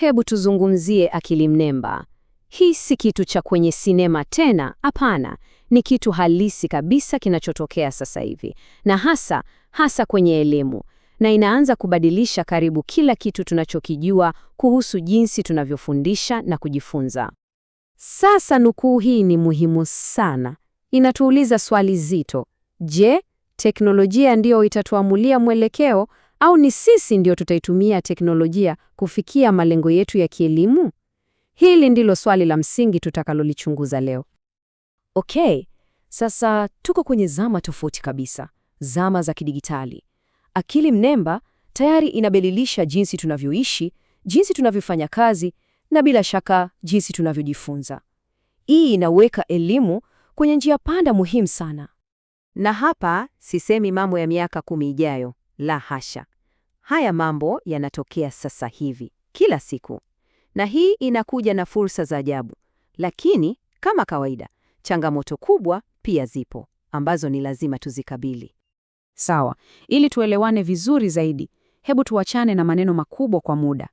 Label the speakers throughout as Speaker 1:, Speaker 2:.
Speaker 1: hebu tuzungumzie akili mnemba. Hii si kitu cha kwenye sinema tena, hapana. Ni kitu halisi kabisa kinachotokea sasa hivi, na hasa hasa kwenye elimu, na inaanza kubadilisha karibu kila kitu tunachokijua kuhusu jinsi tunavyofundisha na kujifunza. Sasa nukuu hii ni muhimu sana, inatuuliza swali zito. Je, teknolojia ndiyo itatuamulia mwelekeo au ni sisi ndio tutaitumia teknolojia kufikia malengo yetu ya kielimu? Hili ndilo swali la msingi tutakalolichunguza leo.
Speaker 2: Okay, sasa tuko kwenye zama tofauti kabisa, zama za kidigitali. Akili mnemba tayari inabadilisha jinsi tunavyoishi, jinsi tunavyofanya kazi na bila shaka jinsi tunavyojifunza. Hii inaweka elimu kwenye njia panda muhimu sana.
Speaker 3: Na hapa sisemi mambo ya miaka kumi ijayo. La hasha. Haya mambo yanatokea sasa hivi kila siku, na hii inakuja na fursa za ajabu. Lakini kama kawaida, changamoto kubwa pia zipo ambazo ni lazima tuzikabili.
Speaker 1: Sawa, ili tuelewane vizuri zaidi, hebu tuachane na maneno makubwa kwa muda,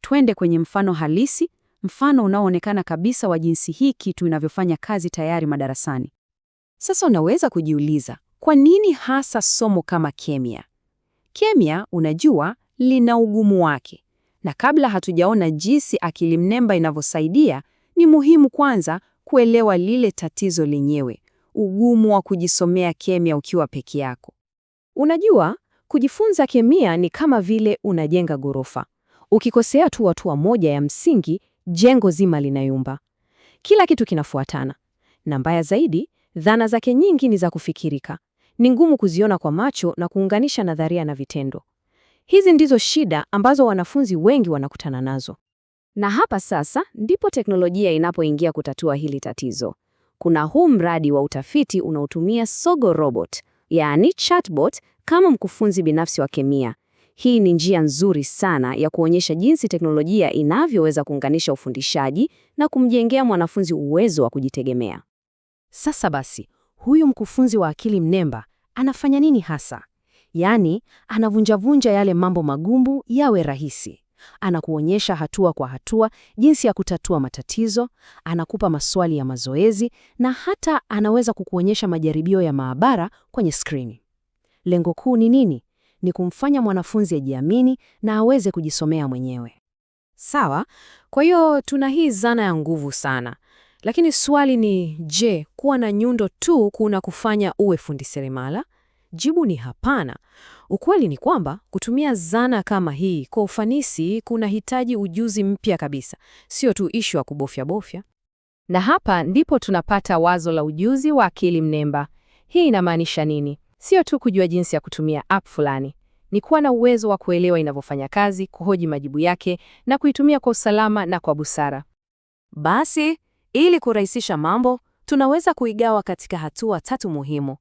Speaker 1: twende kwenye mfano halisi, mfano unaoonekana kabisa wa jinsi hii kitu inavyofanya kazi tayari madarasani. Sasa unaweza kujiuliza, kwa nini hasa somo kama kemia Kemia, unajua, lina ugumu wake, na kabla hatujaona jinsi akili mnemba inavyosaidia, ni muhimu kwanza kuelewa lile tatizo lenyewe, ugumu wa kujisomea kemia ukiwa peke yako. Unajua, kujifunza kemia ni kama vile unajenga ghorofa. Ukikosea tu hatua moja ya msingi, jengo zima linayumba, kila kitu kinafuatana. Na mbaya zaidi, dhana zake nyingi ni za kufikirika ni ngumu kuziona kwa macho na kuunganisha nadharia na vitendo. Hizi ndizo shida ambazo wanafunzi wengi wanakutana nazo.
Speaker 4: Na hapa sasa ndipo teknolojia inapoingia kutatua hili tatizo. Kuna huu mradi wa utafiti unaotumia Sogo Robot, yaani chatbot kama mkufunzi binafsi wa kemia. Hii ni njia nzuri sana ya kuonyesha jinsi teknolojia inavyoweza kuunganisha ufundishaji na kumjengea mwanafunzi uwezo wa kujitegemea.
Speaker 1: Sasa basi, huyu mkufunzi wa akili mnemba anafanya nini hasa? Yaani, anavunjavunja yale mambo magumu yawe rahisi. Anakuonyesha hatua kwa hatua jinsi ya kutatua matatizo, anakupa maswali ya mazoezi na hata anaweza kukuonyesha majaribio ya maabara kwenye skrini. Lengo kuu ni nini? Ni kumfanya mwanafunzi ajiamini na aweze kujisomea mwenyewe.
Speaker 5: Sawa. Kwa hiyo tuna hii zana ya nguvu sana lakini swali ni je, kuwa na nyundo tu kuna kufanya uwe fundi seremala? Jibu ni hapana. Ukweli ni kwamba kutumia zana kama hii kwa ufanisi kunahitaji ujuzi mpya kabisa, sio tu ishu ya kubofya bofya.
Speaker 6: Na hapa ndipo tunapata wazo la ujuzi wa akili mnemba. Hii inamaanisha nini? Sio tu kujua jinsi ya kutumia app fulani, ni kuwa na uwezo wa kuelewa inavyofanya kazi, kuhoji majibu yake na kuitumia kwa usalama na kwa busara.
Speaker 7: Basi ili kurahisisha mambo, tunaweza kuigawa katika hatua tatu muhimu.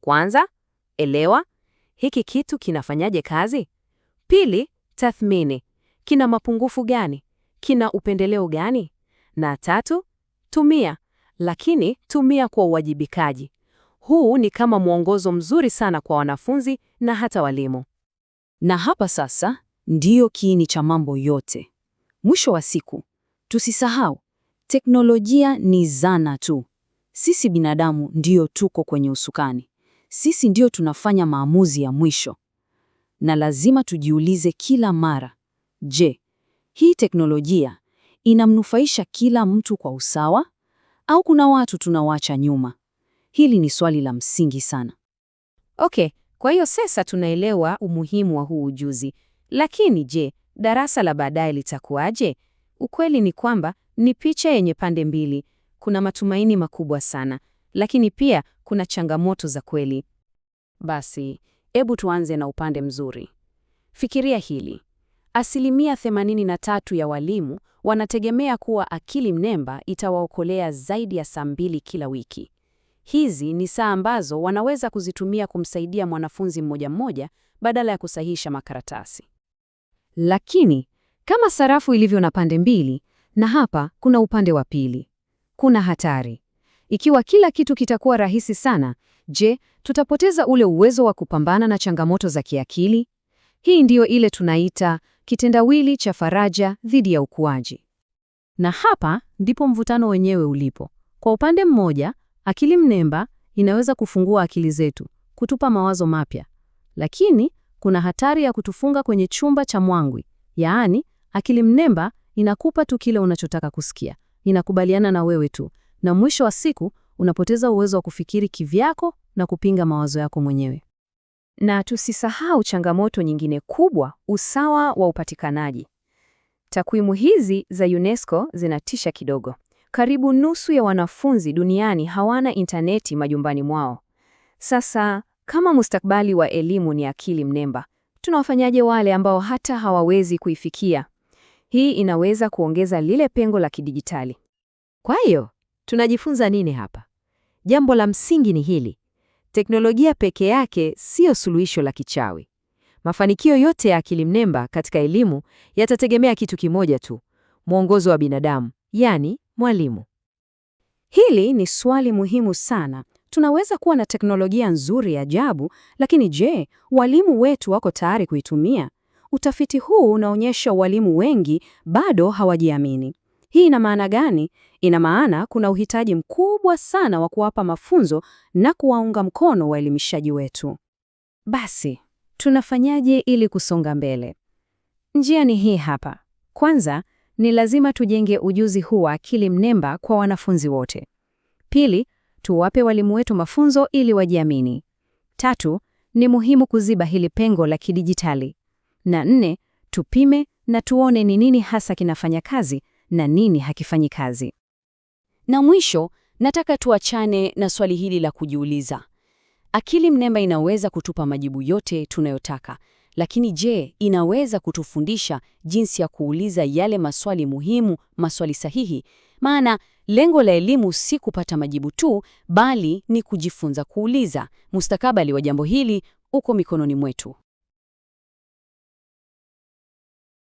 Speaker 7: Kwanza, elewa hiki kitu kinafanyaje kazi. Pili, tathmini kina mapungufu gani, kina upendeleo gani, na tatu, tumia, lakini tumia kwa uwajibikaji. Huu ni kama mwongozo mzuri sana kwa wanafunzi na hata walimu.
Speaker 8: Na hapa sasa ndiyo kiini cha mambo yote. Mwisho wa siku, tusisahau teknolojia ni zana tu. Sisi binadamu ndio tuko kwenye usukani. Sisi ndio tunafanya maamuzi ya mwisho, na lazima tujiulize kila mara, je, hii teknolojia inamnufaisha kila mtu kwa usawa au kuna watu tunawaacha nyuma? Hili ni swali la msingi sana.
Speaker 9: Okay, kwa hiyo sasa tunaelewa umuhimu wa huu ujuzi, lakini je, darasa la baadaye litakuwaje? Ukweli ni kwamba ni picha yenye pande mbili. Kuna matumaini makubwa sana, lakini pia kuna changamoto za kweli.
Speaker 8: Basi, hebu tuanze na upande mzuri. Fikiria hili. Asilimia 83 ya walimu wanategemea kuwa akili mnemba itawaokolea zaidi ya saa mbili kila wiki. Hizi ni saa ambazo wanaweza kuzitumia kumsaidia mwanafunzi mmoja mmoja badala ya kusahihisha makaratasi.
Speaker 1: Lakini kama sarafu ilivyo na pande mbili, na hapa kuna upande wa pili, kuna hatari. Ikiwa kila kitu kitakuwa rahisi sana, je, tutapoteza ule uwezo wa kupambana na changamoto za kiakili? Hii ndiyo ile tunaita kitendawili cha faraja dhidi ya ukuaji. Na hapa ndipo mvutano wenyewe ulipo. Kwa upande mmoja, akili mnemba inaweza kufungua akili zetu, kutupa mawazo mapya, lakini kuna hatari ya kutufunga kwenye chumba cha mwangwi, yaani akili mnemba inakupa tu kile unachotaka kusikia, inakubaliana na wewe tu, na mwisho wa siku unapoteza uwezo wa kufikiri kivyako na kupinga mawazo yako mwenyewe.
Speaker 6: Na tusisahau changamoto nyingine kubwa, usawa wa upatikanaji. Takwimu hizi za UNESCO zinatisha kidogo. Karibu nusu ya wanafunzi duniani hawana intaneti majumbani mwao. Sasa kama mustakabali wa elimu ni akili mnemba, tunawafanyaje wale ambao hata hawawezi kuifikia? Hii inaweza kuongeza lile pengo la kidijitali.
Speaker 8: Kwa hiyo, tunajifunza nini hapa? Jambo la msingi ni hili. Teknolojia peke yake siyo suluhisho la kichawi. Mafanikio yote ya akili mnemba katika elimu yatategemea kitu kimoja tu, mwongozo wa binadamu, yani mwalimu.
Speaker 1: Hili ni swali muhimu sana. Tunaweza kuwa na teknolojia nzuri ya ajabu, lakini je, walimu wetu wako tayari kuitumia? Utafiti huu unaonyesha walimu wengi bado hawajiamini. Hii ina maana gani? Ina maana kuna uhitaji mkubwa sana wa kuwapa mafunzo na kuwaunga mkono waelimishaji wetu.
Speaker 8: Basi, tunafanyaje ili kusonga mbele? Njia ni hii hapa. Kwanza, ni lazima tujenge ujuzi huu wa akili mnemba kwa wanafunzi wote. Pili, tuwape walimu wetu mafunzo ili wajiamini. Tatu, ni muhimu kuziba hili pengo la kidijitali. Na nne, tupime na tuone ni nini hasa kinafanya kazi na nini hakifanyi kazi.
Speaker 1: Na mwisho, nataka tuachane na swali hili la kujiuliza. Akili mnemba inaweza kutupa majibu yote tunayotaka, lakini je, inaweza kutufundisha jinsi ya kuuliza yale maswali muhimu, maswali sahihi? Maana lengo la elimu si kupata majibu tu, bali ni kujifunza kuuliza. Mustakabali wa jambo hili uko mikononi mwetu.